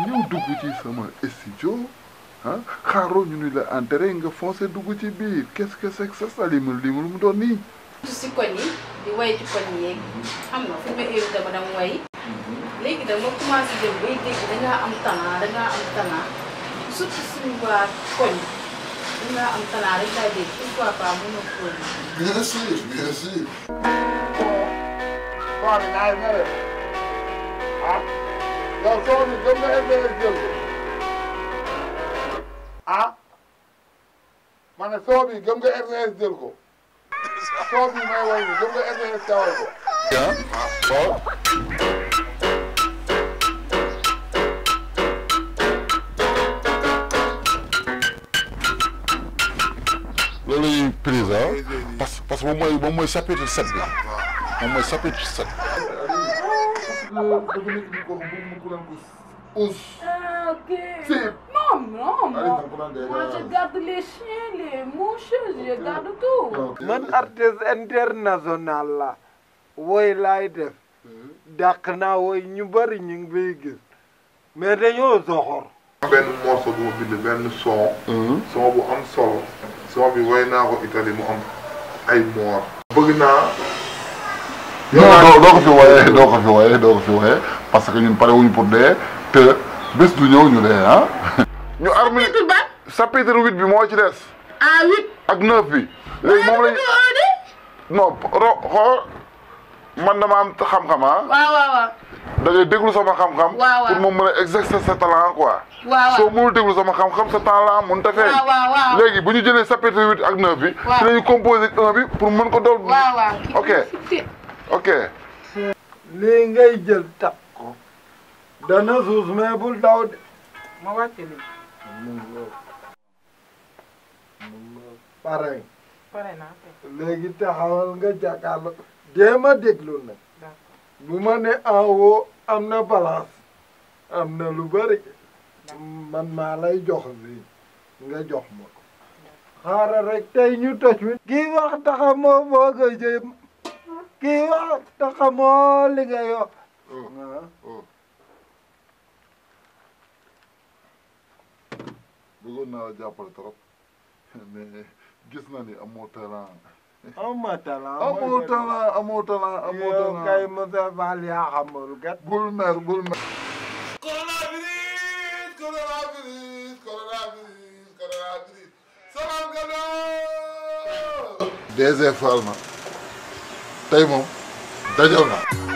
ñëw dugg ci sama studio ah, xaaroo ñu ni la enterré nga foncé dugg ci biir qu'est-ce que c'est que mu doon nii. si koñ yi di way ci koñ yeeg xam nga fu ma invité ma way léegi nag ma commencé jëm bay dégg dangaa am talent dangaa am talent surtout suñu waa koñ dangaa am talent rek laa dégg pourquoi pas mun ko. bien sûr bien sûr. Ah. yow soo ne soo bi gëm nga LDR jël ko soo bi may way ni gëm nga loolu lañuy prise parce que moom mooy moom mooy chapitre sept le devenir une con Ah, international la woy laay def. Hmm. dàq naa ñu bari ñu ngi bay gis mais dañoo soxor. benn morceau bu ma benn son. Hmm. son bu am solo. son bi woy naa ko Italie mu am ay moor. bëgg naa. doo doo ko fi wooyee doo ko fi wooyee doo ko fi wooyee parce que ñun pare wuñu pour dee te bés du ñëw ñu dee ah. ñu armé chapitre huit bi moo ci des. ah huit. ak neuf bi. léegi moom lañu non ro xool man dama am xam-xam ah. waaw waaw da ngay déglu sama xam-xam. pour moom mën a exercer sa talent quoi. waaw soo mënul déglu sama xam-xam sa talent mënut a feeñ. léegi bu ñu jëlee chapitre huit ak neuf bi. waaw dinañu composé un bi pour mën ko dool. ok. ok lii ngay jël tap ko dana bul daw pare pare naa léegi taxawal nga jàkkaarloo dee ma déglu nag bu ma ne en am na balance am na lu bëri man maa lay jox lii nga jox ma ko xaaral rek tey ñu toj wi kii taxa moo boo ko jëm kii wax te xamoo li oh, nga yor oh. bëggoon naa la jàppale trop mais gis na ni amoo talent amoo talent amoo talent amoo talent amoo talent yow kay Moussa Fall yaa xamul kat bul mer bul mer coronavirus coronavirus coronavirus coronavirus sama galo DG Fall ma tey moom dajew na